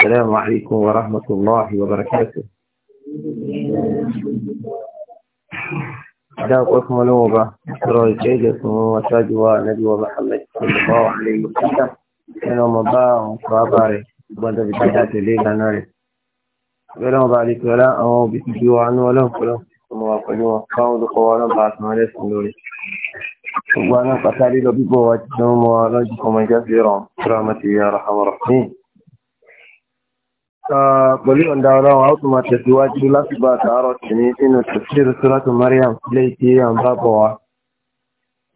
السلام عليكم ورحمة الله وبركاته هذا قسم لوبة رأي جيدة وتجوى نبي ومحمد صلى الله عليه وسلم أنا مباع وقاباري وبدا بجهة الليل عن عرف ولو ذلك ولا أو بتجوى عنه ولو فلو وموافقوا وقاوض قوانا بعث مالس من دوري وقوانا قتالي لبيبو واجدهم ورجكم من جزيرهم رحمتي يا رحمة الرحيم pẹ̀lú ọ̀dà ọlọ́run àwọn tòmọ̀ tẹ̀síwájú láti gba àtàárọ̀ tìní nínú tẹ̀síwájú sọ́látù Mariam lè tí à ń bá bọ̀ wá.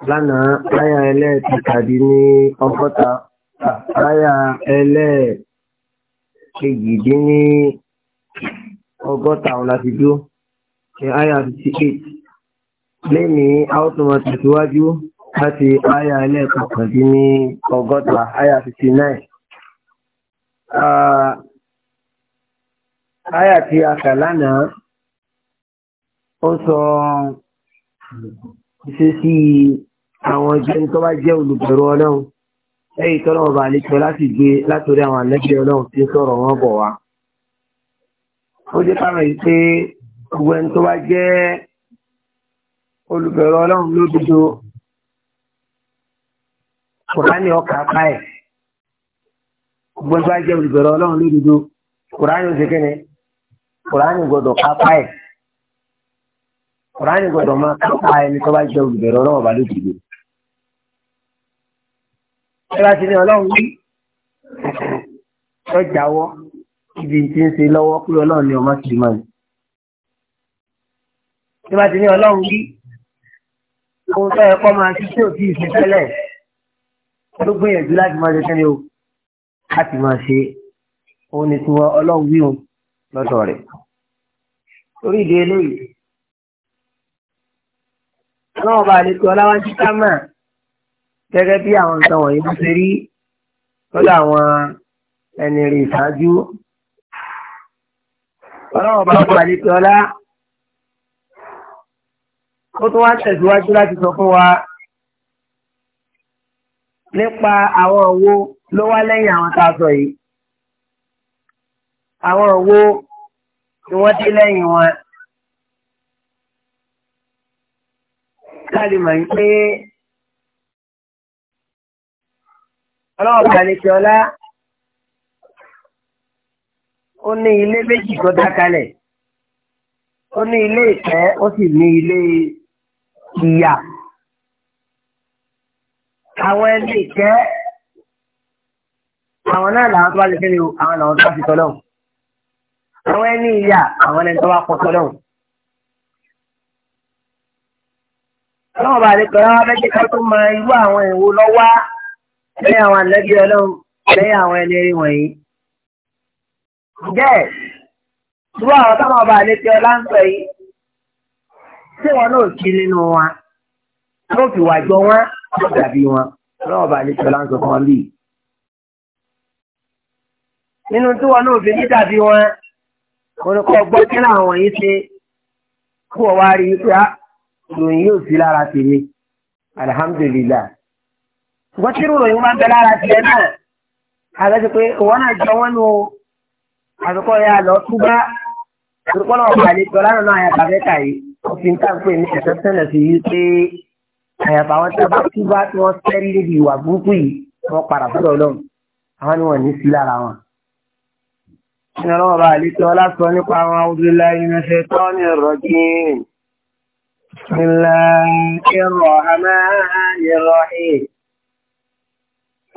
lánàá láyà ẹlẹ́ẹ̀kẹtàdí ní ọgọ́ta láyà ẹlẹ́ẹ̀kejìdí ní ọgọ́ta ọ̀hún láti dúró ní àyà fifty eight lẹ́ni àwọn tòmọ̀ tẹ̀síwájú láti àyà ẹlẹ́ẹ̀kọkàndí ní ọgọ́ta àyà fifty nine. Aya tí a kà lánàá, ó sọ ṣe sí àwọn jẹ́ tó bá jẹ́ olùbẹ̀rù ọlọ́run, ẹ̀yìn tọ́lọ́ ọba àlejò láti gbé látòrí àwọn àlẹ́gbẹ̀ ọlọ́run tí ń sọ̀rọ̀ wọn bọ̀ wá. Ó jẹ́ ká mọ̀ yìí pé gbogbo ẹni tó bá jẹ́ olùbẹ̀rù ọlọ́run lódodo, Kùránì ọkà ká ẹ̀. Gbogbo ẹni tó bá jẹ́ olùbẹ̀rù ọlọ́run lódodo, Kùránì ó ṣe kẹ́ni kùránì gbọdọ̀ kápá ẹ̀ kùránì gbọdọ̀ máa kápá ẹni tó bá jẹ́ olùbẹ̀rẹ̀ ọlọ́wọ́ bá ló dìbò. ẹ bá ti ní ọlọ́run wí ẹ jáwọ́ ibi tí ń ṣe lọ́wọ́ pé ọlọ́run ni ọmọ kìí máa ń. ẹ bá ti ní ọlọ́run wí ohun tó yẹ kọ́ máa ṣe tí ò tí ì ṣe tẹ́lẹ̀ ló gbìyànjú láti máa ṣe tẹ́lẹ̀ o láti máa ṣe òun ni tiwọn ọlọ́run wí òun lọ́dọ̀ rẹ̀ torí ìdí eléyìí ọlọ́run bá lè pe ọláwájú támà gẹ́gẹ́ bí àwọn nǹkan wọ̀nyí bó ṣe rí lọ́dọ̀ àwọn ẹni rí ìṣáájú ọlọ́run bá wà lè pe ọlá ó tún wá nípa àwọn òwò ló wá lẹ́yìn àwọn tá a sọ yìí àwọn wo ni wọ́n dé lẹ́yìn wọn. Káàdì mọ̀ pé ọlọ́ọ̀bà ní Ṣọlá ó ní ilé méjì tó dákalẹ̀. Ó ní ilé ìfẹ́, ó sì ní ilé ìyà. Àwọn ẹni ìfẹ́, àwọn náà làwọn tó bá lè fẹ́ ni àwọn làwọn tó bá fi tọ́lọ́hùn àwọn ẹni ìyá àwọn ẹni tó wá pọ̀ tọ́lọ́hùn. ọlọ́run bá lè pẹ̀lú àwọn abẹ́jẹ́ ká tó mọ irú àwọn ìwo lọ́wọ́ lẹ́yìn àwọn àlẹ́bí ọlọ́run lẹ́yìn àwọn ẹni eré wọ̀nyí. ǹjẹ́ irú àwọn táwọn ọba àlejò ọlá ń sọ yìí tí wọn náà kí nínú wa ló fi wà jọ wọn ló dàbí wọn ọlọ́run bá àlejò ọlá ń sọ fún ọ lì. nínú tí wọn náà fi ní dàbí wọn orúkọ gbọ́ kíra àwọn yìí ṣe kú ọ wá rí a ah, ìròyìn yóò sí lára tèmi alihamudulilayi ṣùgbọ́n tí ìròyìn máa ń bẹ lára tiẹ̀ náà àgbẹ̀sí pé òwò náà jọ wọ́n nù àbíkọ́ ya lọ túbá orúkọ náà wà ní tọ́lá náà àyàtà mẹ́ta yìí wọ́n fi ń tà ń pè ní ẹ̀sẹ̀ sẹ́nẹ̀ sí yìí pé àyàtà àwọn tábà túbá tí wọ́n sẹ́rí lébi ìwà burúkú yìí wọ́n padà bọ́dọ̀ lọ́wọ́ àwọn ni wọ́n ní sí lára wọn ìrànlọ́wọ́ bá àlítọ́ lásọ nípa àwọn àwùjọlá ìrìnàṣẹ́ tọ́ ní ìrọ̀kí ìlà ìrọ̀ àmà ìrọ̀hì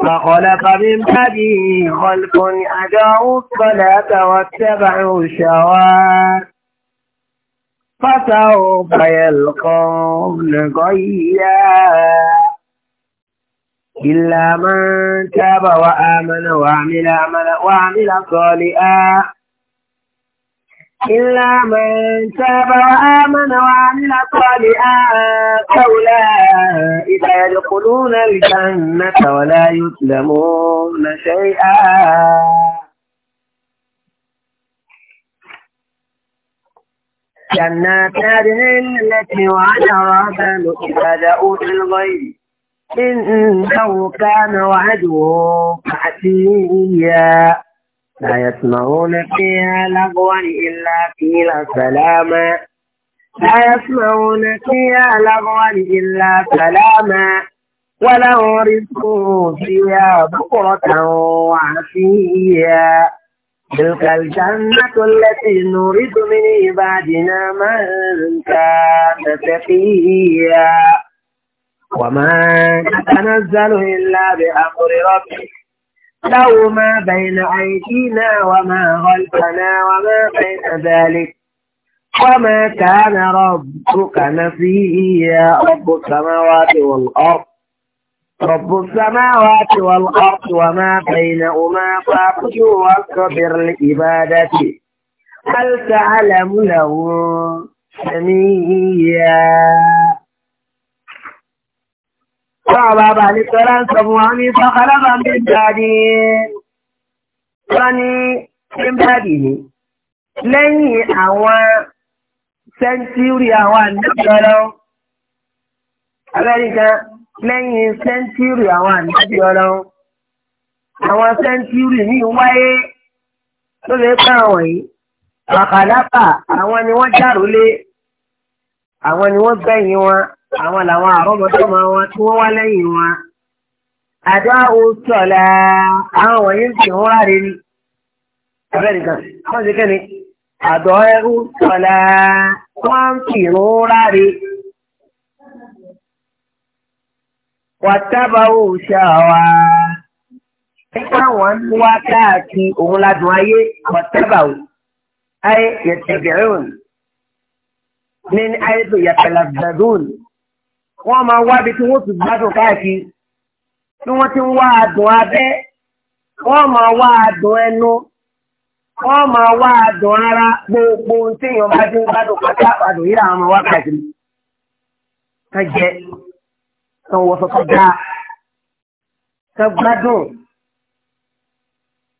فخلق من بعده خلف أدعوا الصلاة واتبعوا الشوار فسوف يلقون غيا إلا من تاب وآمن وعمل عملا وعمل صالحا إلا من تاب وآمن وعمل صالحا فأولئك يدخلون الجنة ولا يظلمون شيئا جنات هذه التي وعدها الرحمن إذا جاءوا في الغيب إنه كان وعده فأتيا لا يسمعون فيها لغوا إلا قيلا سلاما لا يسمعون فيها لغوا إلا سلاما وله رزقوا فيها بكرة وعشيا تلك الجنة التي نريد من عبادنا من كان تقيا وما تتنزل إلا بأمر ربك له ما بين أيدينا وما خلفنا وما بين ذلك وما كان ربك نسيا رب السماوات والأرض رب السماوات والأرض وما بينهما فاعبده واصطبر لعبادته هل تعلم له سميا Ọ̀rọ̀ bàbá ní tọ́lá ń sọ fún wa ní sọ́kọ́lọ́bà ń ni. Lẹ́yìn àwọn sẹ́ńtúrì àwọn ànájọ́rọ́. Amẹ́ríkà lẹ́yìn sẹ́ńtúrì àwọn ànájọ́rọ́. Àwọn sẹ́ńtúrì ní wáyé tó lè pẹ́ àwọn yìí. Kàkàlápà àwọn ni wọ́n járólé àwọn ni wọ́n gbẹ̀yìn wọn àwọn làwọn àrọ́mọdọ́mọ wọn tí wọ́n wá lẹ́yìn wọn. àdá òótọ́lá àwọn wọ̀nyí ń fi wọ́n ráre ni. abẹ́ nìkan wọ́n ti kẹ́ni àdó òótọ́lá wọ́n ń fi wọ́n ráre. wàtábà òòṣà nígbà wọn ń wá káàkiri òun ládùn ayé wàtábà ò ayé yẹtẹ̀gẹ̀rẹ́ òní ní àìsàn yàtọ̀lá gbẹ̀dún wọ́n máa wá bí tí wọ́n ti gbádùn káàkiri tí wọ́n ti ń wá adùn abẹ́ wọ́n máa wá adùn ẹnu wọ́n máa wá adùn ara gbogbo ohun tí èèyàn bá ti ń gbádùn pátá àdùn yìí làwọn máa wá káàkiri kan jẹ kan wọ sọsọ dáa kan gbádùn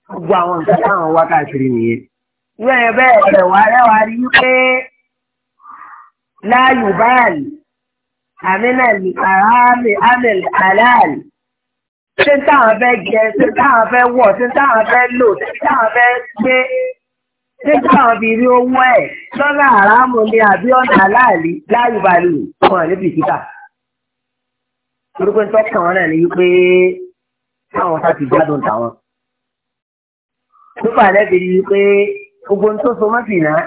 gbogbo àwọn nǹkan táwọn wá káàkiri nìyẹn. Ìwé ẹ̀ bẹ́ẹ̀ ẹ̀ wá rẹ́wà rí pé láàyò báàlì àmínà àhámi amẹ̀l àláàlì. ṣé táwọn fẹ́ jẹ ṣé táwọn fẹ́ wọ̀ ṣé táwọn fẹ́ lò ṣé táwọn fẹ́ gbé ṣé táwọn fi rí owó ẹ̀ lọ́nà àrámù ni àbí ọ̀nà àláàlì láàyò báàlì wọn níbi ìkíkà. orúkọ tọ́kàn wọn náà ni wípé káwọn sá ti gbádùn táwọn. nípa àlẹ́ fi rí i pé gbogbo ohun tó so náà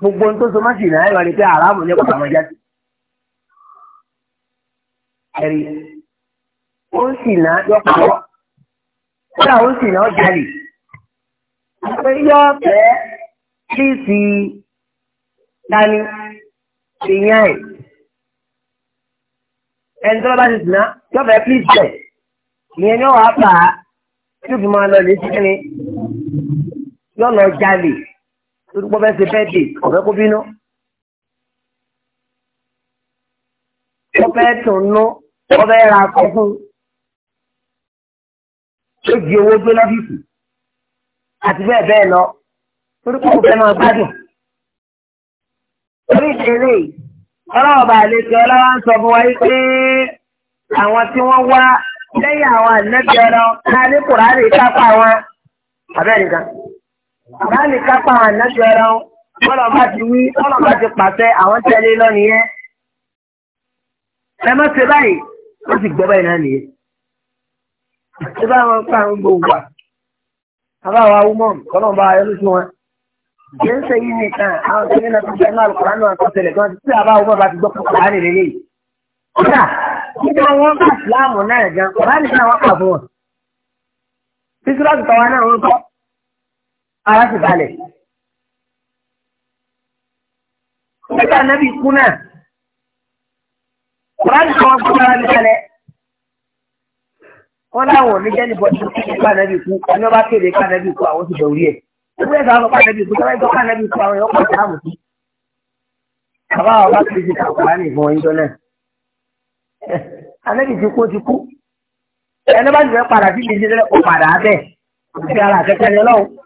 gbogbo ohun tó so má sì náà ẹ̀ lọ́ọ́ pé àràmù ní ọ̀pọ̀ àwọn jáde. ẹ̀rí ó ń sì náà yọ pàwọ́ kódà ó ń sì náà jalè. pé yọ fẹ́ kí sí dání ìyá ẹ̀ ẹni tó bá ti sìn náà yọ kí sí ìyẹn ni wọ́n á fà á fi máa lọ lè sí kí ni yọ lọ torí pọ́ fẹ́ ṣe bẹ́ẹ̀dì ọ̀fẹ́ kó bínú. wọ́n fẹ́ tún nú wọ́n fẹ́ ra aṣọ fún ó di owó gbé lọ́fíìsì àti bẹ́ẹ̀ bẹ́ẹ̀ lọ torí pọ́ kò fẹ́ máa gbádùn. torí ìṣeré ọlọ́wọ́ bá àlejò ọlọ́wọ́ ń sọ fún wa pé àwọn tí wọ́n wá lẹ́yìn àwọn ànágbé ọlọ́ ta ní kùràrí kápá wọn abẹ́rẹ́ nìkan láàrin kápá ànájọ ẹran bọ́lá bá ti wí bọ́lá bá ti pàṣẹ àwọn tẹ́lẹ̀ lọ nìyẹn. ẹ má ṣe báyìí ó sì gbọ́ báyìí náà nìyẹn. ṣé bá wọn pa àwọn gbogbo wa bàbá wa wú mọ́ kọ́nà bá ayọ́ lóṣù wọn. kì í ṣe yí nìkan àwọn tó ní lọ́sọ̀tì ẹ̀nà àlùkòrán náà tó tẹ̀lẹ̀ gan títí àbá wọn bá ti gbọ́ pọ̀ kọ́ra nìyẹn lẹ́yìn. kódà ara sì balẹ̀. nígbà náà bí kú náà kúránì kan fún ara mi kalẹ̀ wọ́n láwọn oníjẹ́ ní bọ́ọ̀dù tó kí nípa náà bí kú ẹni wọ́n bá kéde ká náà bí kú àwọn ti bẹ̀ orí ẹ̀ ẹgbẹ́ ìgbà wọn ká náà bí kú sábà ìgbà ká náà bí kú àwọn èèyàn pọ̀ sí àmì sí. bàbá wa bá kéde ká kúránì fún wọn jọ náà anábì ti kú ti kú ẹni bá ti fẹ́ padà sí ìdílé padà á bẹ̀ òfin ara àtẹ́kẹ́ ni ọlọ́run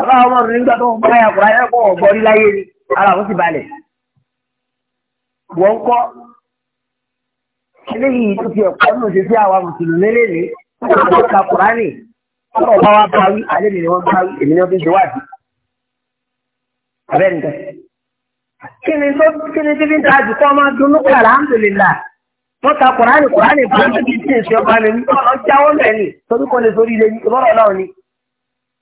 àbá ọmọ rẹ nígbà tó ń bá yà kúrò ayẹ́kọ̀ ọ̀gbọ́n rí láyé ni ara àwọn sì balẹ̀. wọ́n kọ́ eléyìí tó fi ẹ̀kọ́ nù ṣe sí àwa mùsùlùmí lélẹ̀ ọ̀gbọ́n ka kùránì ọ̀rọ̀ bá wa báwí alẹ́ mi ni wọ́n báwí èmi ni wọ́n fi ń ṣe wáàdì. abẹ́ nìkan. kí ni tó kí ni tí fi ń ta àjù kọ́ máa dunnú pé alhamdulillah wọ́n ka kùránì kùránì bá ń tẹ̀sí ọba mi ní ọ̀nà jáwọ́ mẹ́rin torí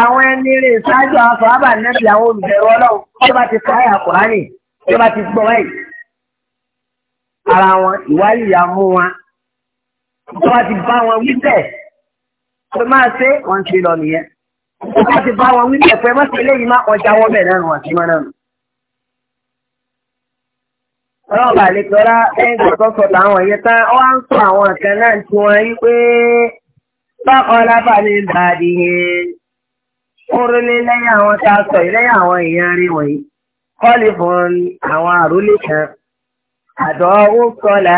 àwọn ẹni rè ṣáájú àwọn sọ̀hábà nẹ́bí àwọn olùbẹ̀rù ọlọ́run tó bá ti káyà kùránì tó bá ti gbọ́ ẹ̀. ara wọn ìwádìí ìyá mú wọn tó bá ti bá wọn wí bẹ́ẹ̀ pé máa ṣe wọ́n ṣe lọ nìyẹn. tó bá ti bá wọn wí bẹ́ẹ̀ pé mọ́sí eléyìí máa ọjà wọn bẹ̀ náà wọ́n sí mọ́ náà. ọlọ́run bá lè tọ́lá ẹ̀yìn ìgbàsọ́sọ làwọn yẹn tán ó wá ń sọ àwọn kan náà tí wọ́n yí pé kúrúlé lẹ́yìn àwọn tá a sọ yìí lẹ́yìn àwọn èèyàn rí wọ̀nyí kọ́lì kan àdó ó sọlá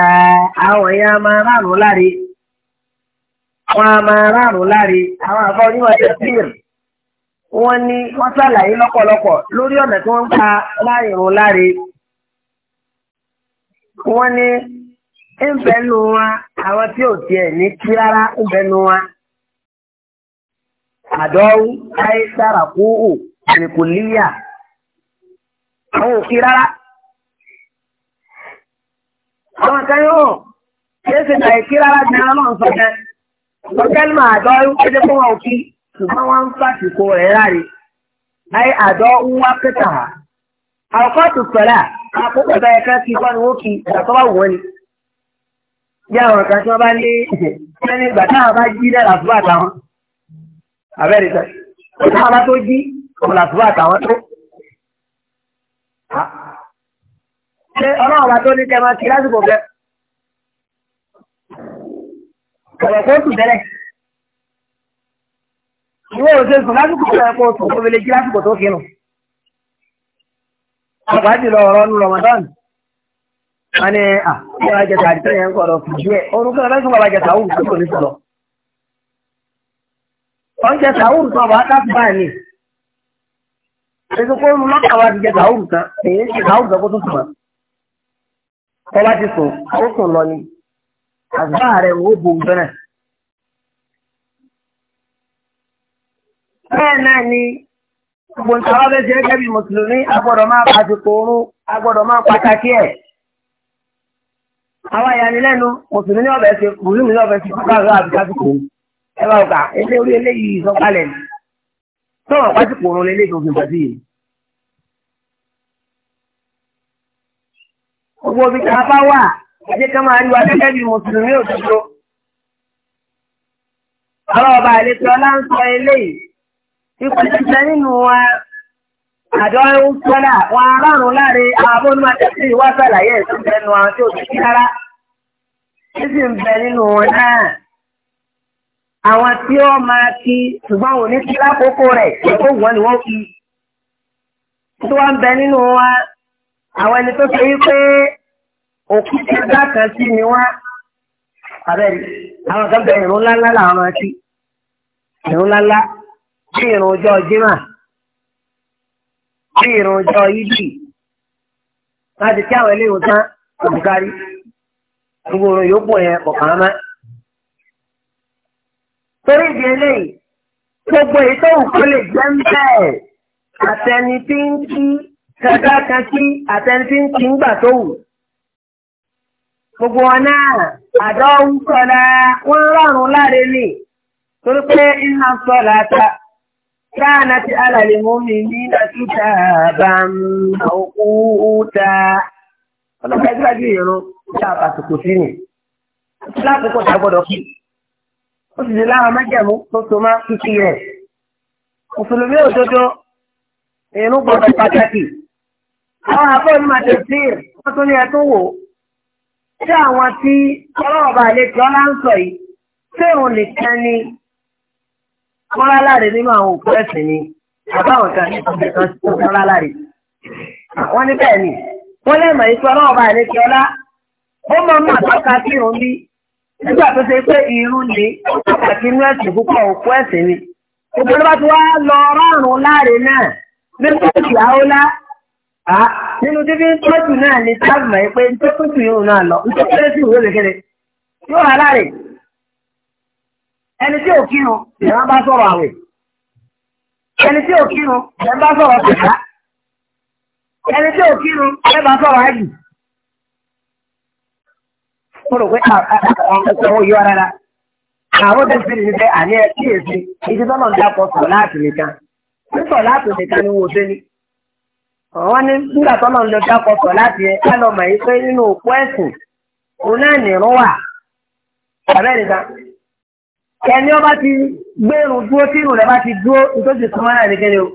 àwọn èèyàn máa rárùn láre wọn a máa rárùn láre àwọn àfọ onímọ̀ wọn ní wọn sàlàyé lọ́pọ̀lọpọ̀ lórí ọ̀nà tí wọ́n ń pa láre wọn ní ń bẹ́ẹ̀ nu àwọn tí ò àdọ́rú láì sára kúrò àrèkùnléyà àwọn òfin rárá. àwọn kan yóò ṣeéṣe àìkí rárá ní ara náà ń máa àdọ́rú ẹjẹ́ fún wọn òfin ṣùgbọ́n wọ́n ń fàṣìkò rẹ̀ ráre láì àdọ́ wá pẹ́tà wá. tó sọ̀rọ̀ àkókò bẹ́ẹ̀ kí bá ni. bí àwọn bá ní ìgbà táwọn bá jí abẹ́rẹ́ sẹ́ ọ̀tá wa tó jí ọ̀làtúwà àtàwọn tó. ṣé ọlọ́run wa tó ní kẹ́ máa ti lásìkò fẹ́ ọ̀rọ̀ kó tù tẹ́lẹ̀ ìwé òṣè sùn lásìkò tó ẹ̀kọ́ sùn tó fi lè jí lásìkò tó kinu ọ̀pá jùlọ ọ̀rọ̀ nu Ramadan wọn ni à ìwà jẹta àdìtọ́ yẹn ń kọ̀ ọ̀rọ̀ fìdí ẹ̀ orúkọ ẹ̀fẹ́ sùn bàbá jẹta òun tó kò ní sọ̀rọ̀ ọ̀njẹ́ sàwùrù kan wà láti báyìí ni. Èso kó ń lọ́kà wá ti jẹ sàwùrù kan, èyí ti sàwùrù kan kó tó sùn. Tọ́lá ti sùn, ó sùn lọ ni. Àgbà rẹ̀ wò ó bu Bẹ́ẹ̀ náà ni gbogbo nǹkan wá fẹ́ ṣe gẹ́gẹ́ bí Mùsùlùmí, a gbọ́dọ̀ máa pàṣípò oorun, a gbọ́dọ̀ máa pàtàkì ẹ̀. Àwọn ìyanilẹ́nu, Mùsùlùmí ọ̀bẹ ṣe, Mùsùlùmí ọ̀bẹ ṣe, Bùkárì àbíkájú kò ẹ bá gbà ilé orí eléyìí sọ̀kalẹ̀ ni tọ́wọ̀ pásítọ̀ òun lé léyìí òfin pàtí yìí. gbogbo omi tá a bá wà ẹjẹ ká máa rí wa gẹ́gẹ́ bí mùsùlùmí òdodo. ọlọ́ọ̀bà àlejò ọlá ń sọ eléyìí ipò jíjẹ nínú wa àjọ ń sọ́lá wọn aráàrùn láre ààbò ní àtẹ̀sí ìwà sàlàyé ẹ̀sùn bẹnu àwọn tí ò sí rárá. sísìn bẹ nínú wọn náà àwọn tí ó máa kí ṣùgbọ́n òní kí lákòókò rẹ̀ kó wọ́n ni wọ́n fi tí wọ́n ń bẹ nínú wa àwọn ẹni tó ṣe wípé òkú ẹgbẹ́ kan sí ni wọ́n abẹ́rẹ́ àwọn kan bẹ ìrún ńláńlá làwọn máa kí ìrún ńláńlá bí ìrún ọjọ́ jimá bí ìrún ọjọ́ yídì láti kí àwọn ilé ìwòsàn òbúkárí gbogbo òrùn yòókù yẹn kọ̀ọ̀kan máa torí ìdí eléyìí gbogbo èyí tó wù kó lè jẹ́ ń bẹ́ẹ̀ àtẹni tí ń kí kàkà kan kí àtẹni tí ń kí ń gbà tó wù. gbogbo wọn náà àdó ń sọ̀rọ̀ wọn rọrùn láre ni torí pé iná sọ̀rọ̀ ata káàna ti alàlẹ́ mú mi ní dókítà bá ń òkú ta. ọlọ́pàá ìgbàgbé ìrún ṣáà bàtùkù sí ni láàbùkù tá a kí ó sì di láwọn májẹ̀mú tó so má kíkí rẹ̀ mùsùlùmí òdodo ìrun gbọdọ̀ pàtàkì àwọn àbọ̀n máa tẹ̀sí wọ́n tún ní ẹ tún wò ó ṣé àwọn tí ọlọ́ọ̀bà àlejò ọlá ń sọ yìí ṣé òun nìkan ni kọ́lá láre nínú àwọn òkú ẹ̀sìn ni àbáwọn kan ní ìpínlẹ̀ kan tó kọ́lá láre. wọ́n ní bẹ́ẹ̀ ni wọ́n lẹ́mọ̀ ìṣọ́ ọlọ́ọ̀bà àlejò ọlá ó mọ̀ mọ́ àtọ́ka sí òun bí nígbà tó ṣe pé irun ni àti inú ẹ̀sìn púpọ̀ òkú ẹ̀sìn ni òpin bá ti wá lọ rọrùn láre náà nígbà tí àwọn nínú títí náà ni táàbù mọ̀ pé ń tó tún irun náà lọ ń tó kéré sí ìwé kékeré yóò wá láre ẹni tí ò kírun ìran bá sọ̀rọ̀ àwẹ̀ ẹni tí ò kírun bá mo rò pé àwọn yọ rárá àwọn tó ti ṣe àní ẹ kíyèsí ibi tọ́lọ̀ ń dápọ̀ sọ̀ láti nìkan sísọ̀ láti nìkan ni wò ṣe ni wọ́n ní nígbà tọ́lọ̀ ń lọ dápọ̀ sọ̀ láti ẹ ká lọ mọ̀ yìí pé nínú òkú ẹ̀sìn òun náà nìrún wà àbẹ́ nìkan ẹni ọba ti gbẹrù dúró tí irun rẹ bá ti dúró tó ti súnmọ́ náà nìkan ni o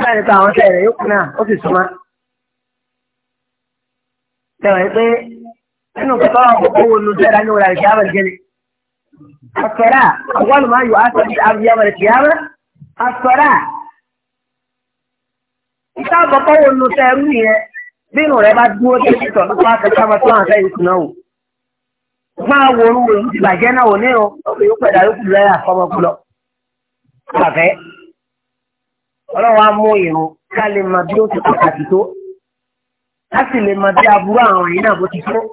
báyìí nípa àwọn ọ̀sẹ̀ rẹ̀ yókù náà ó sì súnmọ́. انه بطاقه هو انه زاد عنه ولا الكيامه الجنه الصلاه اول ما يؤثر في الارض يوم القيامه الصلاه ìta bọ̀pọ̀ wo ló tẹ ẹrú yẹn bínú rẹ bá dúró tó ti tọ̀ nípa akẹ́kọ̀ọ́ máa tó hàn sẹ́yìn kùnà o. máa wo orú òun ti bàjẹ́ náà òní o obìnrin ó pẹ̀dà lókùn lẹ́yìn àfọmọkù lọ. bàbẹ́ ọlọ́run á mú ìrún ká lè mọ bí ó ti pàtàkì tó ká sì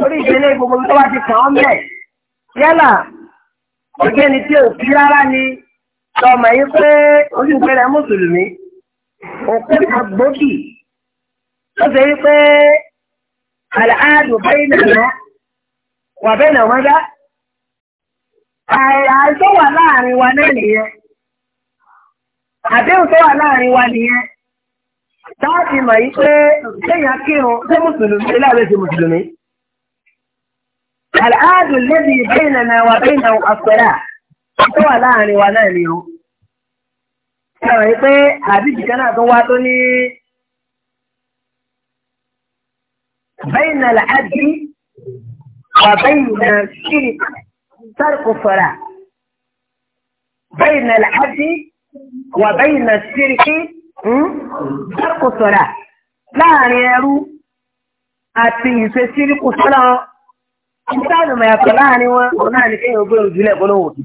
orí ìdílé gbogbo tó wá ti kàn án mẹ́ yálà ọ̀gbẹ́ni tí ò sí rárá ni tọmọ yìí pé ojú ìpẹrẹ mùsùlùmí òkú àgbókì ó ṣe yí pé àlàáàdù bẹ́ẹ̀ nàná wà bẹ́ẹ̀ nàá mọ́dá àìsàn wà láàrin wa náà nìyẹn àdéhùn tó wà láàrin wa nìyẹn táàbì mọ̀ yí pé kéèyàn kírun sí mùsùlùmí láàrin sí mùsùlùmí. Àlàáàdù lẹ́bi ìbẹ́yìn náà wà bẹ́yìn náà àpẹẹrẹ tó wà láàrin wa náà ni o. Ṣọ̀rọ̀ yìí pé àdìjì kan náà tó wá tó ní bẹ́yìn náà làájì wà bẹ́yìn ṣírí sárkò fara. Bẹ́yìn náà làájì wà ṣírí kí sárkò Láàrin ẹrú àti ìṣesírí kò sọ́lọ́ ibi táwọn ọmọ yàtọ̀ láàrin wọn òun náà ní kéèyàn gbé òjúlẹ̀ kó lóhùn òkè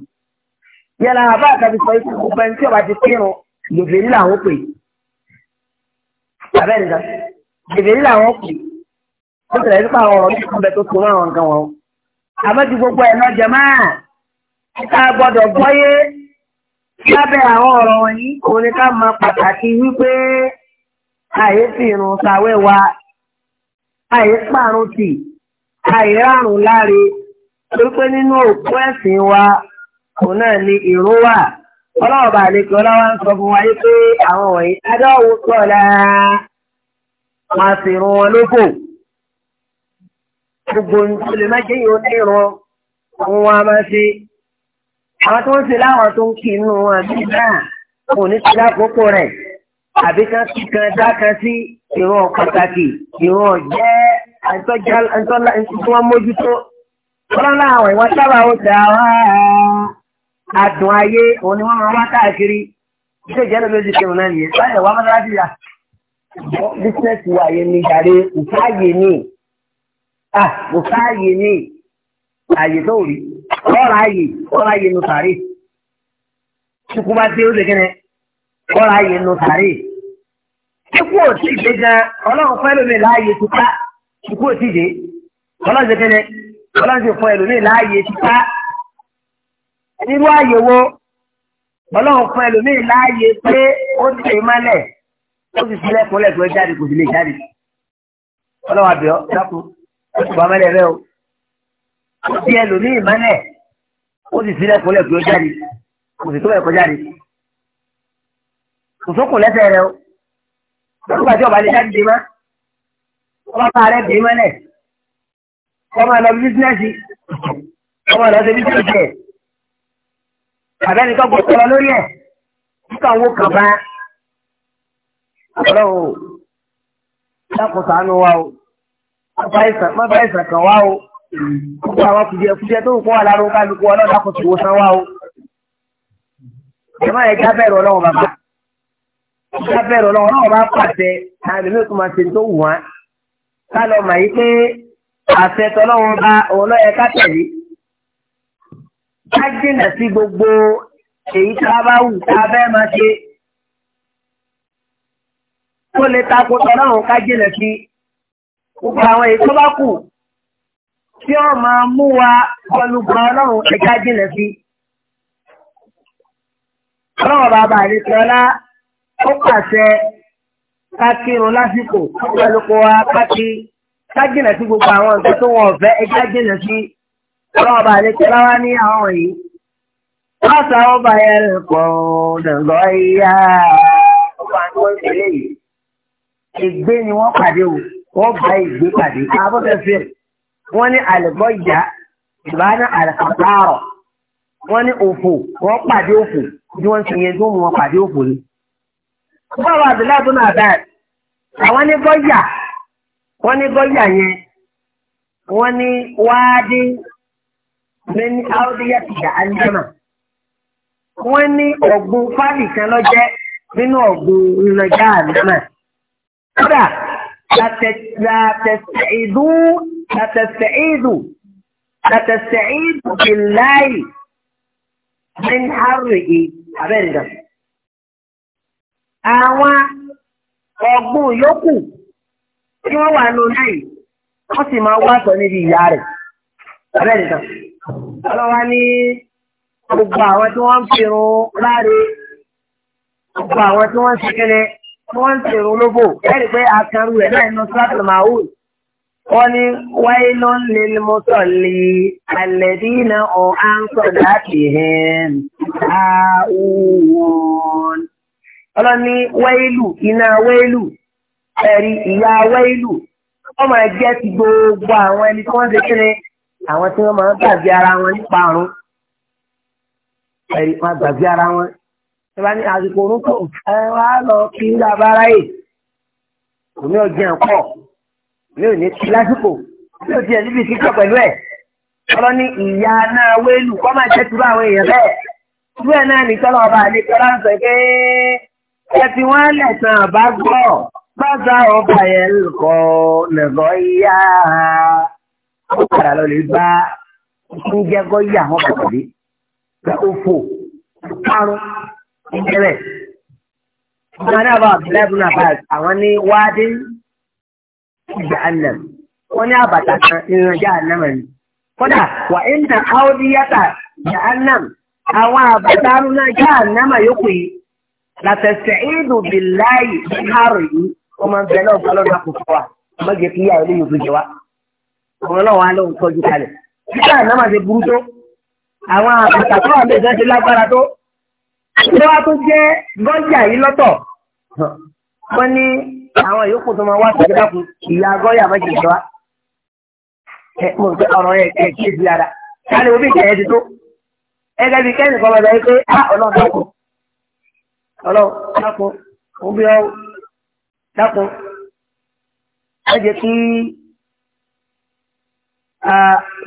yẹlẹ àbá àtàbí sọ ikú gbogbo ẹni tí ọba ti kírun gbèbèrè làwọn pè abẹ́ nìkan gbèbèrè làwọn pè ó tẹ̀lé nípa àwọn ọ̀rọ̀ nípa ọbẹ̀ tó so mọ́ àwọn nǹkan wọn àmọ́ ti gbogbo ẹ̀ lọ́jọ́ máa ká gbọ́dọ̀ gbọ́yé lábẹ́ àwọn ọ̀rọ̀ wọ̀nyí òun ni ká mọ pàtàkì wípé àyè fi irun sàwẹ́ wa àyè pààrùn tì àìrárùn láre pípé nínú òkú ẹ̀sìn wa kò náà ni ìró wà ọlọ́wọ́ bá lè kọ́ lọ́wọ́ ń sọ fún wa pé àwọn wọ̀nyí adáwò sọ̀lá máa sì rún wọn lóko gbogbo nǹkan lè má jẹ́ yìí ó ní ìrún òun wa máa ṣe àwọn tó ń ṣe láwọn tó ń kí inú wọn bí náà kò ní ti lákòókò rẹ̀ àbí kan kíkan dákan sí ìrún pàtàkì ìrún jẹ́ àìsọ́lá tí wọ́n mójútó. Ọlọ́lá àwọn ìwọ̀n sábà ó tẹ àwọn àdùn ayé òun ni wọ́n máa wá káàkiri. Ṣé ìjẹ́ ló lójú kírun náà nìyẹn? Báyọ̀ wá mọ́tàlá ti yà. Bísínẹ́sì wa yẹn ni ìyàrá òfáàyè ni. Òfáàyè ni àyè tó rí. Ọ̀rọ̀ ayè ọ̀rọ̀ ayè nu sàárè. Tukú bá dé ó lè kẹ́nẹ̀. Ọ̀rọ̀ ayè nu sàárè. Ikú ò tí ì gbé gan, ọlọ́run fẹ́ lómi láàyè tuká ikú òtíje ọlọ́sẹ̀ ọlọ́sẹ̀ fún ẹlòmíì láàyè tipa nírú àyèwò ọlọ́run fún ẹlòmíì láàyè pé ó tẹ̀ ẹ́ mọ́lẹ̀ ó sì sílẹ̀ kúnlẹ̀ tó jáde kò sì lè jáde ọlọ́wà bẹ̀ ọ́ ó sì wà mọ́lẹ̀ rẹ o ó ti ẹlòmíì mọ́lẹ̀ ó sì sílẹ̀ kúnlẹ̀ tó jáde kò sì tó ẹ̀kọ́ jáde kò sókun lẹ́sẹ̀ rẹ o lọ́dún bàjẹ́ ọ̀bàlẹ̀ ọlọ́pàá rẹ̀ dé mọ́lẹ̀ ọmọ ẹ̀ lọ bí bísínẹ́sì ọmọ ẹ̀ lọ sí bísínẹ́sì ẹ̀ àbẹ́ni tó gbọ́ sọ̀rọ̀ lórí ẹ̀ nígbà wo kàn bá ọlọ́wọ́ dákun ṣàánú wa o má bá ìsàn kan wá o gbogbo àwọn kùdìẹ̀kùdìẹ̀ tó ń kọ́ alára ó kálukú ọlọ́dà kò sì wò sán o ẹ má yẹ já bẹ̀rù ọlọ́wọ́ bàbá já bẹ̀rù ọlọ́wọ́ ọlọ́wọ́ bá pàṣẹ àbẹ̀mí kò máa ṣe tó wù wá ká lọ mọ̀ yí pé àṣẹ tọ́lọ́wọ́n bá òun lọ́yẹ ká tẹ̀lé. ká jìnà sí gbogbo èyí tá a bá wù tá a fẹ́ máa ṣe. kó lè takò tọ́lọ́wọ́n ká jìnà sí gbogbo àwọn èyí tó bá kù tí ó máa mú wa kọlu gbọ́ ọlọ́run ẹja jìnà sí. ọlọ́run bàbá àdìsọ́lá ó pàṣẹ kákírun lásìkò lálùkò wa kákí kájìnà sí gbogbo àwọn nǹkan tó wọn ọ̀fẹ́ ẹja jìnà sí ọlọ́ọ̀bà àlejòlá wa ní àwọn yìí. wọ́n sọ àwọn ọba yẹn rẹ̀ pọ̀ dàgbọ́ ìyá ọba tó ń ṣe léyìí. ìgbé ni wọ́n pàdé o wọ́n bá ìgbé pàdé abọ́fẹ́ fèrè wọ́n ní àlùbọ́ ìjà ìbáná àlùkàtàrọ̀ wọ́n ní òfò wọ́n pàdé òfò bí wọ́n ti yẹn tó mú wọn pàdé òfò ni báwo Abdullahi bin Abbas àwọn ní gọ́yà wọ́n ní gọ́yà yẹn wọ́n ní wáádé ní áódíyà tìjà alíjọ́nà wọ́n ní ọ̀gbun fáàlì kan lọ́jẹ́ nínú ọ̀gbun ìrìnàjà àlùmà kódà látẹ̀sẹ̀ìdù látẹ̀sẹ̀ìdù látẹ̀sẹ̀ìdù bìláì ní àrùn yìí abẹ́rẹ́ dàn àwọn ọ̀gbun yòókù tí wọ́n wà nù náà wọ́n sì máa wá sọ níbi ìyá rẹ̀ abẹ́rẹ́ nìkan. ọlọ́wà ní gbogbo àwọn tí wọ́n ń fìrun láre gbogbo àwọn tí wọ́n ń ṣe tí wọ́n ń fìrun lóbò ẹ̀rí pé akẹ́rù rẹ̀ náà inú sọ́tò mahul wọ́n ní wáyé ló ń lè mú sọ̀lì náà ọ̀ à ń sọ̀dá tì hẹ́n àwùwọ̀n ọlọ́ni wẹ́ẹ́lù iná wẹ́ẹ́lù ẹ̀rí ìyá wẹ́ẹ́lù wọ́n máa jẹ́ ti gbogbo àwọn ẹni tí wọ́n ṣe kéré àwọn tí wọ́n máa ń gbàgbé ara wọn nípa ọ̀run ẹ̀rí wọn gbàgbé ara wọn ẹ bá ní àsìkò orúkọ ẹ wá lọ kí ń gbà bára yìí kò ní ọjọ́ ẹ̀kọ́ mi ò ní kí lásìkò mi ò tiẹ̀ níbi ìsìnkà pẹ̀lú ẹ̀ ọlọ́ni ìyá náà wẹ́ẹ́lù kọ́ máa jẹ́ tìrú àwọn èèyàn bẹ́ẹ̀ tìrú náà ní tọ́lọ́ ọba àlejò ọlọ́run sọ pé ẹtì wọn lẹsàn àbá gbọ́ bàtà ọba yẹn lùkọ lẹgọ yá ó padà lọ lè bá ń jẹgọ yá wọn kò tẹ̀lé pé ó fò karùn ún ìjẹbẹ wọn náà bá abdullahi bin abbas àwọn ní wáádé ìjà annam wọn ní àbàtà kan ìrìnàjà annam ẹni kódà wà ń tàn áwòdì yàtà ìjà annam àwọn àbàtà arúnà jà annam yòókù yìí látẹ̀sẹ̀ ìlú bí láàyè káàrò yìí wọ́n máa ń bẹ náà fọlọ́ náà kò fọ́ wa má jẹ́ kí yàrá yóò fi jẹ wa àwọn náà wàá lóun tọ́jú kalẹ̀ títà náà máa ṣe burú tó àwọn àbàtà tó wà bẹ́ẹ̀ gan ṣe lágbára tó ṣé wàá tó jẹ́ gọ́jà yìí lọ́tọ̀ wọ́n ní àwọn ìyókù tó máa wá sí ìjọba kù ìyá gọ́yà má jẹ jẹ wa mo rò pé ọ̀rọ̀ yẹn kẹ́ kí èsì yàrá káàdì wo bí ìkẹyẹ ti tó ẹgẹ́ bí kẹ́hìn kan máa sọ pé ah ọlọ́run ọlọ́run dákun òun bí ọ́ dákun má jẹ́ kí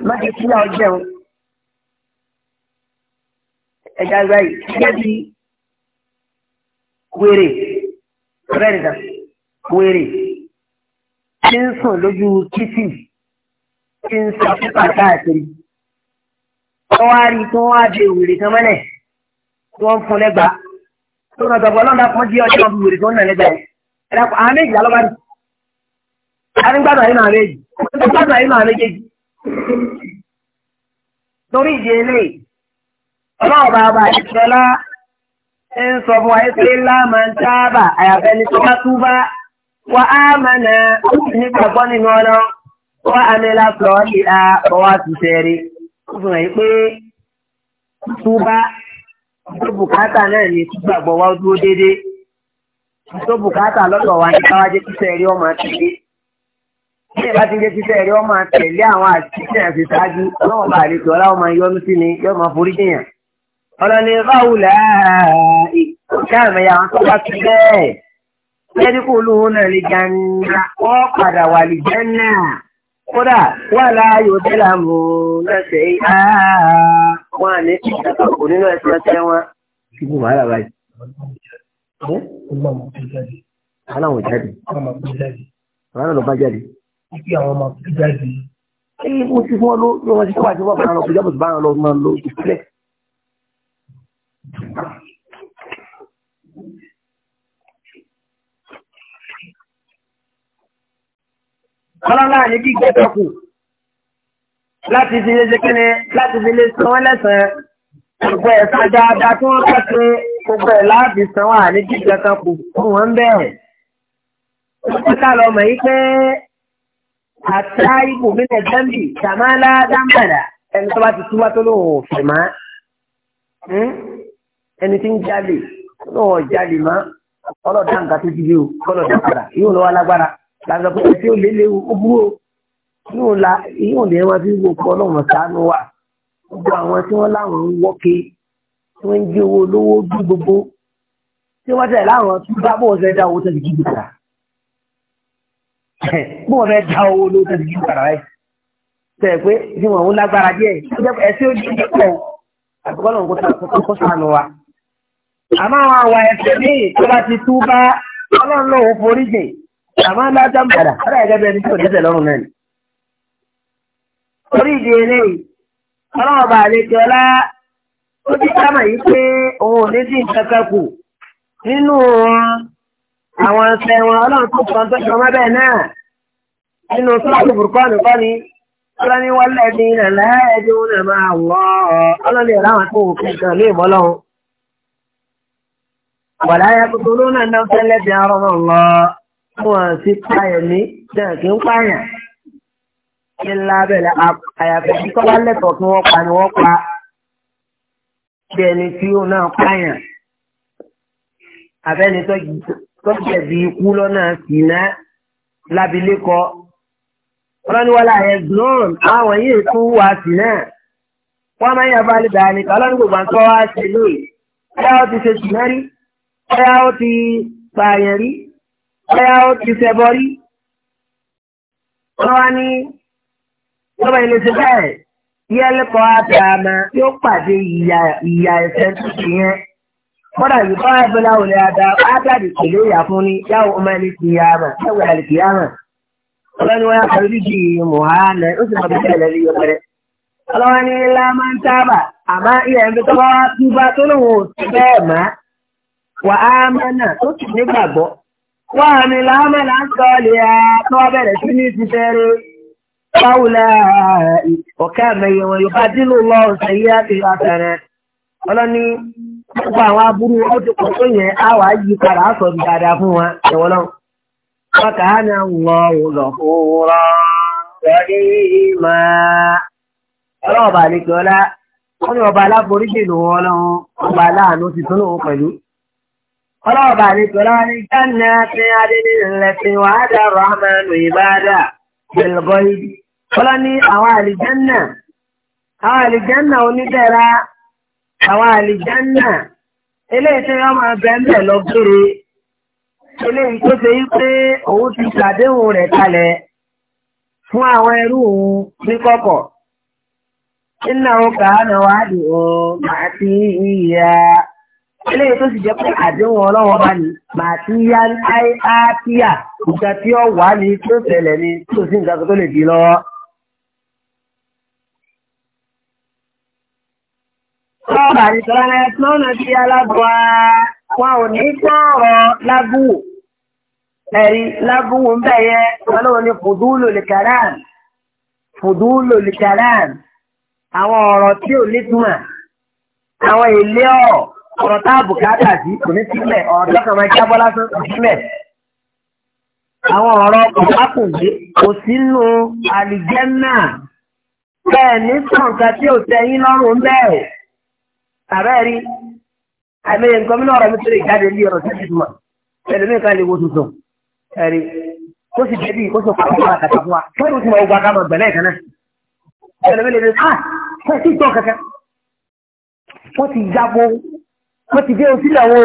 má jẹ́ kí àwọn jẹun ẹ̀dá ìgbà yìí gẹ́gẹ́ bí wèrè rẹ́rìndà wèrè tí ń sùn lójú títì tí ń sọ pípa káàkiri wọ́n wá wá de wèrè kan mọ́lẹ̀ tí wọ́n fún lẹ́gbàá. tó ń sọ̀rọ̀ ọlọ́run dàpọ̀ ọjọ́ ọdún wèrè tó ń àyínà àyínà torí ìdí ń sọ fún wa láàmà ń tábà àyàfẹ́ ní tó túbá wa á mànà nígbàgbọ́ nínú ọ̀nà wa á nílá sọ̀rọ̀ tó bùkátà náà ni gbàgbọ́ wa dúró déédéé tó bùkátà lọ́dọ̀ wa ní káwájé títẹ̀ rí ọmọ àtẹ̀lé bí ẹ bá ti ń jẹ́ títẹ̀ rí ọmọ àtẹ̀lé àwọn àtìsíyàn àti ṣáájú ọlọ́wọ́n bá àlejò ọláwọ́ máa yọnu sí ni yóò máa forí jìyàn ọlọ́ni báwo là ìkàmì àwọn tó bá ti bẹ́ẹ̀ mẹ́díkù olówó náà lè jẹunra wọ́n padà wà lè jẹun kódà wà láàyò dé làmú lọ́sẹ̀ yìí wọn à ní kò nínú ẹsẹ̀ ẹsẹ̀ wọn. kí ni wàhálà báyìí. wàhálà wọn jáde. wàhálà lọ bá jáde. kí àwọn ọmọ kú jáde. ee mo ti fún ọ ló ló wọn ti kọ́ àti wọn bá lọ kọjá bá lọ máa lọ ìpínlẹ̀. Ọlọ́lá ní kí gbẹ́tọ̀ kù láti fi lè ṣe kíni láti fi lè san wọ́n lẹ́sàn-án gbogbo ẹ̀ san dáadáa tí wọ́n bá ṣe gbogbo ẹ̀ láàbì san wọn àní jíjẹ kan kò fún wọn bẹ́ẹ̀. ó ká lọ mọ̀ yí pé àtà ibò mílẹ̀ dẹ́mbì sàmálà dámbàdà ẹni tó bá ti túbá tó lóun ò fẹ̀ mọ́ hmm? ẹni tí ń jalè lóun ò jalè mọ́ ọlọ́dà nǹkan tó ti di o ọlọ́dà padà yóò lọ́wọ́ alágbára làbẹ̀ pé ẹ tí ó lé léwu ó yóò la yóò lè wọn fi gbogbo ọlọ́run sánú wà gbogbo àwọn tí wọ́n láwọn ń wọ́ke tí wọ́n ń jí owó olówó bí gbogbo tí wọ́n tẹ̀lé àwọn tó bá bọ̀ dá owó tẹ̀lé jí gbàrà bọ̀ fẹ́ dá owó olówó tẹ̀lé jí gbàrà rẹ̀ tẹ̀ pé tí wọ́n ń lágbára díẹ̀ ẹ̀sìn ó jí pọ̀ àbúkọ́ lọ́run kó sánú wa. àmọ́ àwọn àwa ẹ̀sẹ̀ ní tó bá ti tú bá ọlọ́run orí ìdí eléyìí lè àlejò ọlá ó ti sábà yìí pé òun ò ní dín kankan kù nínú àwọn ọ̀sẹ̀ wọn ọlọ́run tó kàn tó náà nínú sọ́ọ̀tù burúkọ́nù kọ́ ni wọ́n náà máa wọ́ tó wàlá ya náà fẹ́ arọ́mọ́ ní ńlá bẹ̀rẹ̀ àyàfẹ́ tí tọ́lá lẹ́tọ̀ọ́ kí wọ́n pa ni wọ́n pa bí ẹni tí ó náà pààyàn àbẹ́ni tó jẹ̀bi ikú lọ́nà sínú lábílékọ ọlọ́niwọlá yẹn gbọ́n àwọn yìí tún wà sínú wọ́n máa ń yàgbá lè dà ní kálọ́nì gbogbo àǹtọ́ wá sí ilé ọ̀yá ó ti ṣe sínú rí ọ̀yá ó ti pààyàn rí ọ̀yá ó ti ṣẹbọ rí wọ́n wá ní lọ́ba ilé ṣe bẹ́ẹ̀ yẹ́lẹ́kọ̀ọ́ àtàmà yóò pàdé ìyà ẹ̀ṣẹ̀ tuntun yẹn kódà yìí bá abẹ́lá òní ada ádàdì pẹ̀lú ìyà fún ni yàwó ọmọ ẹni ti yà mà yàwó ẹni ti yà mà ọlọ́ni wọn yàtọ̀ lójijì mùhánà ó sì máa bẹ̀rẹ̀ lẹ́lẹ́ yọ pẹ̀rẹ́ ọlọ́ni ńlá máa ń sábà àmọ́ ilẹ̀ ń fi tọ́wọ́ túbá tó lóun ò sí bẹ́ẹ̀ má wà á mẹ́nà tó sì nígbàgbọ́ wà á ní lámẹ́nà ń sọ ọ́ lè فأولئك وكان يبدل الله سيئات حسنات ọlọ́ni gbogbo àwọn aburú ọdún kan tó yẹn á wàá yí padà á sọ ní dáadáa fún wa ẹ̀wọ̀ náà wọn kà á ní àwọn olùkóòrọ̀ lórí ìmọ̀ ọlọ́ọ̀bà àlejò ọlá wọn ni ọba aláforíjì ló wọn lọ́wọ́ ọba aláàánú ti tún lòun pẹ̀lú ọlọ́ọ̀bà àlejò ọlá ní gánà tí adé nílẹ̀ tí wàá dà rọ́ọ̀mẹ́nu ìbáadà bẹ̀lgọ́ìdì. Kọ́lá ní àwọn àlìjánà, àwọn àlìjánà onídẹ̀ra, àwọn àlìjánà, eléyìí tí wọ́n máa bẹ̀ ń bẹ̀ lọ gbére, eléyìí tó ṣe yí pé òun ti ṣàdéhùn rẹ̀ kalẹ̀ fún àwọn ẹrú òun ní kọ̀kọ̀. Iná ọkà àná wà á dùn òun màá ti yíya. Eléyìí tó sì jẹ́ pé àdéhùn ọlọ́wọ́ bá ní màá ti yá áápíà, ìgbà tí ó wà ní tó ṣẹlẹ̀ ní tó sì ń gbàgbọ́ tó lè di lọ́wọ́. Ọba nìkan lọ́nà sí alábọ̀á wọn ò ní gbọ́ọ̀rọ̀ lábúwò. Ẹ̀rí lábúwò ń bẹ̀yẹ ọlọ́run ní fùdúlò lè kàrán. Fùdúlò lè kàrán. Àwọn ọ̀rọ̀ tí ò nítumọ̀. Àwọn èlé ọ̀ ọ̀rọ̀ tá a bùkátà sí kò ní sílẹ̀ ọ̀rọ̀ lọ́kàn máa jábọ́ lásán kò Àwọn ọ̀rọ̀ kọ̀ọ̀kùnjé kò sínú àlìjẹ́ náà. Bẹ́ẹ̀ ní sọ̀ǹkà tí ò tẹ́yìn lọ́rùn bẹ́ẹ̀ àbẹ́rí àmẹ́yẹ gómìnà ọ̀rọ̀ mi tó lè jáde ní ọ̀rọ̀ tó ti dùn wọn ẹlòmíì kan lè wo tuntun ẹ̀rí kó sì débi kó sì pàrọ̀ fún àkàtà fún wa kẹ́rù tí wọ́n gba ká mọ̀ gbẹ̀lẹ́ kan náà ẹlòmíì lè ní ká kó sì tọ̀ kankan wọ́n ti ya bo wọ́n ti dé o sílẹ̀ wo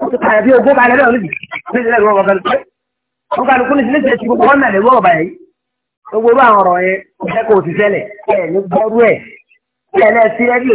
wọ́n ti kàyà bí ogún kalẹ̀ náà níbi níbi lẹ́nu ọ̀gá lùkú wọ́n kà lùkú níbi níbi gbogbo wọn nà lè wọ́ ọ̀bà yìí gbogbo àwọn ọ̀rọ̀ yẹn kò sí ṣẹlẹ̀ ẹ̀ ní gbọ́rú ẹ̀ ẹ̀ lẹ́ẹ̀ sí rẹ́díò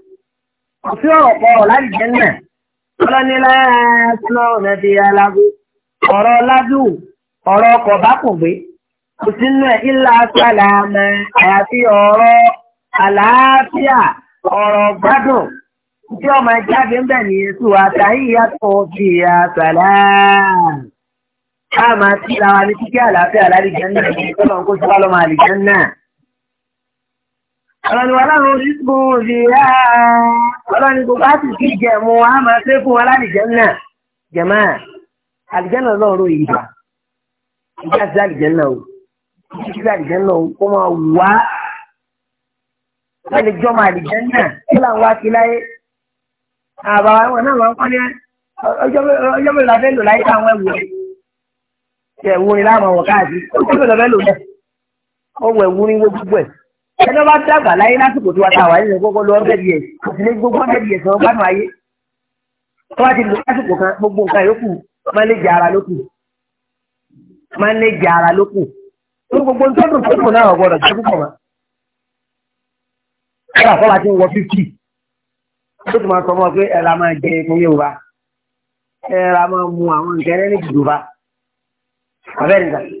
kò sí ọ̀rọ̀ kan ọ̀la ìjẹ́ náà ọlọ́ni láàárọ̀ ọ̀nà ti alágbó ọ̀rọ̀ ládù ọ̀rọ̀ ọkọ̀ bá kò gbé kò sí náà ilà sàlámà àyàfi ọ̀rọ̀ àlàáfíà ọ̀rọ̀ gbádùn tí ọmọ jáde ń bẹ̀ ní èso àtàyè yàtọ̀ bí àsàlám. a máa ti ra wa ọlọ́ni gbogbo á sì fi jẹ mu á máa ṣe fún wa lálìjẹ́ náà jẹ̀mọ́ àlìjẹ́ náà lọ́rọ̀ ìgbà ìjà sí àlìjẹ́ náà o ìjà sí àlìjẹ́ náà o kó máa wá láti jọ́ máa àlìjẹ́ náà kí là ń wá sí láyé àbáwá wọn náà wọn kọ́ ní ọjọ́ mélòó la lò láyé káwọn ẹ̀wù ẹ̀wù ni láwọn wọ̀ káàkiri ọjọ́ mélòó la lò náà ọwọ́ ẹ̀wù ni wọ́n gbogbo ẹ̀ ẹjọ́ bá dàgbà láyé lásìkò tí wọ́n ta wà nínú gbogbo lọ hundred years àti ní gbogbo hundred years ọ̀rọ̀ gbánú ayé tó bá ti lò lásìkò kan gbogbo nǹkan yòókù máa lè jẹ ara lókù máa lè jẹ ara lókù tó gbogbo ń tọ́jú tó kùn náà ọ̀gbọ́dọ̀ jẹ́ púpọ̀ mọ́. ẹ̀rọ àkọ́bà ti ń wọ fifty tó ti máa sọ mọ́ pé ẹ̀rọ máa jẹ epo Yorùbá ẹ̀rọ máa mu àwọn nǹkan ẹlẹ́ni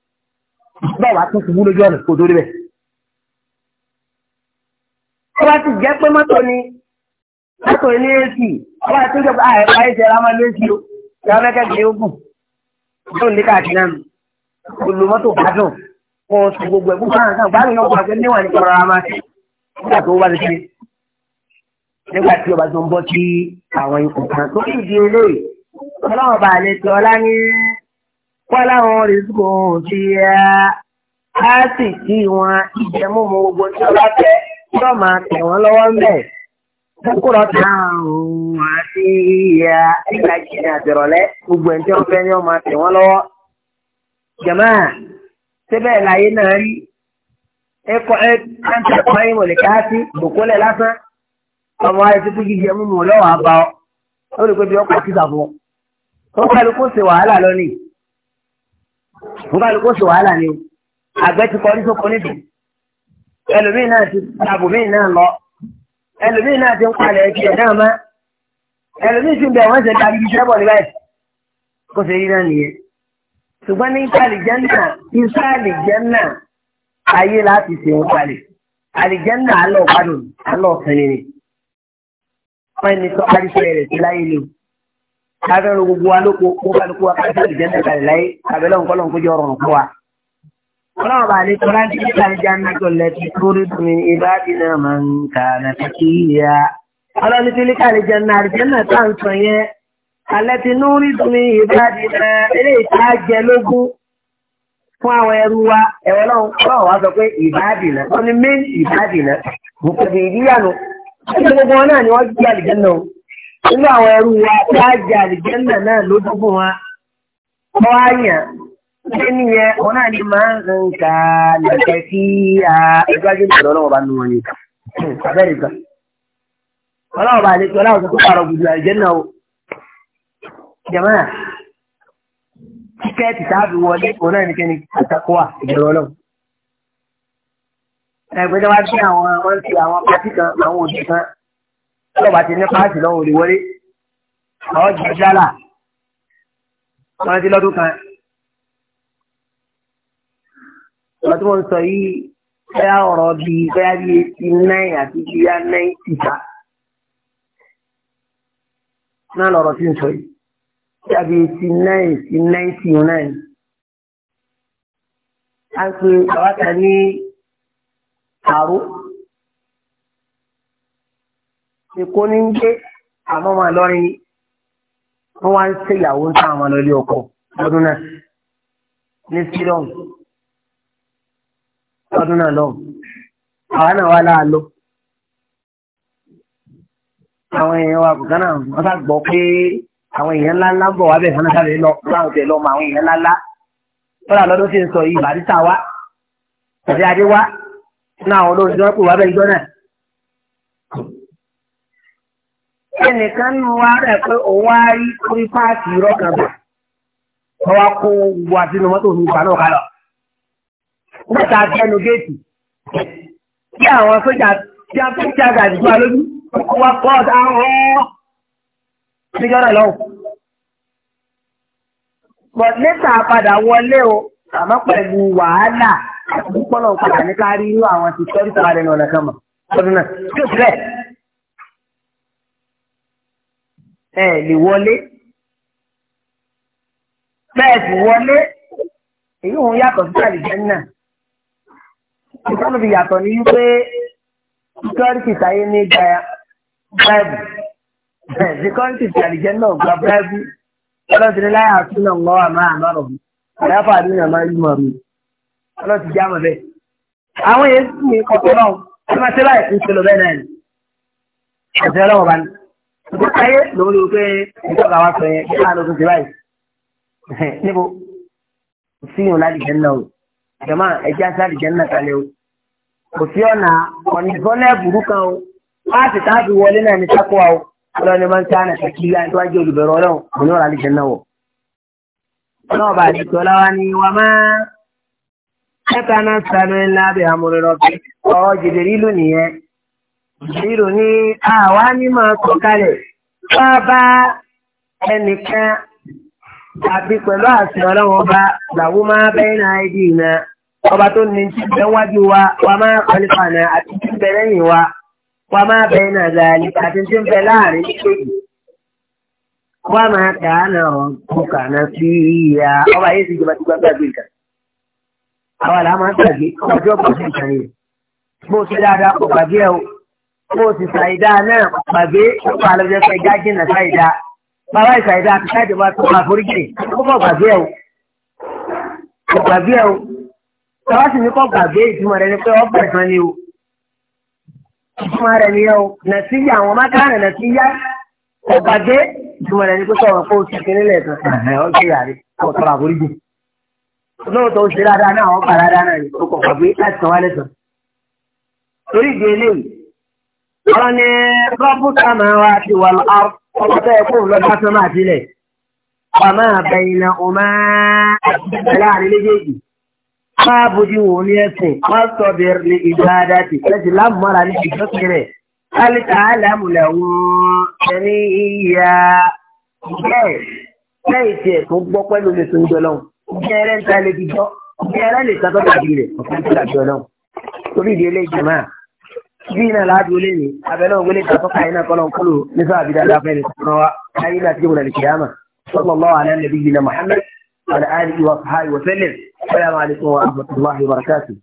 báwo a tún ṣubú lójú ọ̀nà kó tó débẹ̀. ó bá ti jẹ́ pé mọ́tò ni mọ́tò ní èsì ó bá ti jẹ́ pé àyè báyé ṣe ra máa lé sí o ṣe wọ́n fẹ́kẹ́ gbé ogun yóò ní káàkiri náà gbogbo mọ́tò gbádùn kó o sì gbogbo ẹ̀kú fáwọn kan gbádùn náà kó a fẹ́ níwọ̀n ní kọ́ra ara máa ṣe nígbà tó wá lóṣèlú nígbà tí ọba tó ń bọ́ sí àwọn ikùn kan tó kì í di eléyìí ọlọ́run ọba àlejò ọlá ní wọ́láwọn rìsíkò ti yá á sì kí wọn ìjẹmúmu gbogbo tí wọ́n bá fẹ́ yóò máa tẹ̀ wọ́n lọ́wọ́ ń bẹ̀. Kúkúrọ̀ táwọn àti ìyá ìgbà jìnnà àtẹ̀rọ̀lẹ́ gbogbo ẹ̀ tí wọ́n fẹ́ yóò máa tẹ̀ wọ́n lọ́wọ́. Jàmá síbẹ̀ láyé náà rí ẹkọ ẹ káńtà pààyàn mọ̀lẹ́ káàsì bòkólẹ̀ lásán ọmọ ayé tuntun jíjẹ múmu lọ́wọ́ àbá ọ. Ó rí pé bí ọkọ̀ àti ìsàfọ̀. Ó kálukú ṣe wàhálà lónìí mo bá lóko ṣe wàhálà ni o àgbẹ̀ ti kọrí sóko nídìí ẹlòmíì náà ti tàbù míì náà lọ ẹlòmíì náà ti ń palẹ̀ ẹ̀kí ẹ̀ náà má ẹlòmíì ti ń bẹ̀ wọ́n ṣe dàbí iṣẹ́ bọ̀ níbẹ̀ kó ṣe rí náà nìyẹn ṣùgbọ́n ní ìtàlìjẹ́nà ìsàlìjẹ́nà ayé láti ṣe ń palẹ̀ àlìjẹ́nà alọ́ ọ̀gbádùn alọ́ ọ̀fẹ́ nìyẹn wọ́n ẹni tó parí ṣe rẹ̀ sí láyé ni o káfẹ́rù gbogbo wa ló kó kó kálukú wa káfẹ́ ìjẹ́ńdà kalẹ̀ láyé àbẹ̀lẹ̀ òǹkọ́lọ̀ òǹkójú ọ̀rọ̀ òǹkọ́ wa. ọlọ́run bá lè tọ́lá ní kíkà ní jáńdàkọ̀ lẹ́tí lórí mi ìbáàdì náà máa ń kà nàfẹ́ kí ya. ọlọ́run ní kíkà ní jáńdà àrìjẹ́ńdà tá à ń sọ yẹn. alẹ́ ibadina. ní orí mi ìbáàdì náà eré ìta jẹ lógún fún àwọn ẹrú wa ẹ̀wọ̀n náà wá sọ pé ìbáàdì náà wọ́n ní inú àwọn ẹrú wa tí a jẹ àlìjẹ́nà náà ló dúgbò wa ọ àyàn ṣé nìyẹn òun náà ni máa ń nǹka nàkẹ́ sí ẹgbẹ́jú ìṣẹ̀lẹ̀ ọlọ́wọ́ bá nu wọn yìí abẹ́rẹ́ ìgbà ọlọ́wọ́ bá lè fi ọlọ́wọ́ tó pààrọ̀ gbùdù àlìjẹ́nà o jẹ̀mọ́ tíkẹ́ẹ̀tì táàbì wọlé òun náà nìkẹ́ni àtakọ́ wa ìbẹ̀rẹ̀ ọlọ́wọ́ ẹgbẹ́jọ́ wá sí àwọn wọ́n ti àwọn pàtí kan àwọn òbí kan tí ọba ti ní páàsì lọ́wọ́ lè wọlé àwọn jẹ jálà wọn ti lọ́dún kan ọ̀rọ̀ tí mo ń sọ yìí bẹ́ẹ̀ ọ̀rọ̀ bíi bẹ́ẹ̀ bíi eighty nine àti bíi ninety ta náà lọ̀rọ̀ tí ń sọ yìí bẹ́ẹ̀ bíi eighty nine sí ninety nine a ń pe àwọn kan ní àrùn. Èkó ní ń gbé àmọ́ máa lọ́rin wọ́n wá ń ṣe ìyàwó ń sáwọn lọ́lé ọkọ lọ́dún náà ní sílọ̀n lọ́dún náà lọ́hùn. Àwa náà wá láàlú. Àwọn èèyàn wa kò gánà wọ́n sá gbọ́ pé àwọn èèyàn ńlá ńlá ń bọ̀ wá bẹ̀ fún náà lọ láwọn tẹ̀ lọ́mọ àwọn èèyàn ńlá ńlá. Tọ́lá lọ́dún sì ń sọ yìí bàrísà wá, tàbí adé wá, náà àwọn olóòjọ́ pè wá bẹ̀ ìjọ náà. ẹnìkan nù wá rẹ̀ pé òun wá rí orí páàkì irọ́ kan bẹ̀. wọ́n wá kó wo àti inú mọ́tò mi ìgbà náà kálọ̀. nígbà tá a fi ẹnu géètì kí àwọn sójà tí a fi ń ṣe àgàdì fún wa lójú wá kọ́ ọ̀dà ọ̀hún. níjọ́ lọ́wọ́. but later padà wọlé o àmọ́ pẹ̀lú wàhálà àti púpọ̀ náà padà ní ká rí irú àwọn ti tọ́jú tó wà lẹ́nu ọ̀nà kan mọ̀. ẹ lè wọlé bẹ́ẹ̀ sì wọlé èyí òun yàtọ̀ sí àlìjẹ́nà ìtọ́nù fi yàtọ̀ ní wípé security sáyé ní gbaya bíráìbù security ti àlìjẹ́nà gba bíráìbù ọlọ́sìn láyà àtúnà ńlọ àmà àmàrọ̀ àyàfà àdúnyà máa yí mọ̀ mi ọlọ́sìn jámọ̀ bẹ́ẹ̀ àwọn yẹn sì ní kọ̀ọ̀kan náà ẹ máa ṣe báyìí ń ṣe lọ bẹ́ẹ̀ náà ni ẹ̀sẹ̀ ọlọ́wọ́ bá ní ìjọba ayé lòun ló pé ìjọba wa sọ yẹn kí wọn lọ sí báyìí níbo síyàn lálìjẹ náà o jọmọ ẹjẹ àṣàlìjẹ náà kalẹ̀ o kò sí ọ̀nà ọ̀nìfọ́nà burú kan o láti táàbì wọlé náà ní sákò wa o ọlọ́run ní máa ń sáà nàkà kí láti wájú olùbẹ̀rẹ̀ ọlọ́run kò ní ọ̀rọ̀ àlìjẹ náà wọ̀. náà bá àdìsọ láwa ni wà máa ẹ̀ka náà sàmì ńlá bí amúrẹ́rọ̀ bí ọ̀ Ìbírò ni àwa ní máa sọ kalẹ̀ bá bá ẹnìkan àbí pẹ̀lú àṣẹ ọlọ́run ọba làwọ máa bẹ́ẹ̀ náà ìdí iná. Ọba tó ní tí bẹ́ wájú wa, wa máa kọlífà náà àti tí bẹ lẹ́yìn wa, wa máa bẹ́ẹ̀ náà gàálí àti tí bẹ láàrin méjèèjì. Wa máa kà á náà sí ìyá ọba yìí sì jọba ti gbàgbé àgbè kan. Àwa làá máa gbàgbé ọjọ́ bọ̀ sí ìkànnì. Bó o dáadáa kò kó o sì ṣàìdá náà gbàgbé nípa àlọ́jọ́ pé gájìnà ṣàìdá bàbá ìṣàìdá àti ṣáìdá bá tó máa forí jì kó kọ́ gbàgbé ẹ̀ o gbàgbé ẹ̀ o tọ́wọ́ sì ní kọ́ gbàgbé ìtumọ̀ rẹ ni pé ọ bẹ̀rẹ̀ kan ni o ìtumọ̀ rẹ ni ẹ o nàtíyà àwọn mákàrà nàtíyà kọ́ gbàgbé ìtumọ̀ rẹ ni pé sọ̀rọ̀ kó o sì kéré lẹ́ẹ̀kan ọ̀ṣẹ̀ yàrá kọ́ tọ́ra forí jì lóòótọ́ ó ṣe dáadáa náà ọ̀ torí ìdí eléyìí wọ́n ní rọ́bùtà máa wá sí wà lọ́rọ̀ ọ̀pọ̀tẹ́ ẹ̀kọ́ lọ́dá tó máa sílẹ̀ ọmọ àbẹ̀yìnà ọmọ láàrin méjèèjì máa bójú wò ní ẹ̀sìn wọ́n sọ bẹ̀rẹ̀ ní ìgbà àdáti lẹ́sì lámùmọ́ra ní ìjọsìn rẹ̀ kálíkà àlámùlẹ̀ wọn ẹni ìyá ìgbẹ́ lẹ́yìn tí ẹ̀kọ́ بينا لا تقولني أبلا أقولك تفقهنا كلام كله نفاق إذا لا فين سنوا كائنا تجمعنا الكيامة صلى الله على نبينا محمد وعلى آله وصحبه وسلم السلام عليكم ورحمة الله وبركاته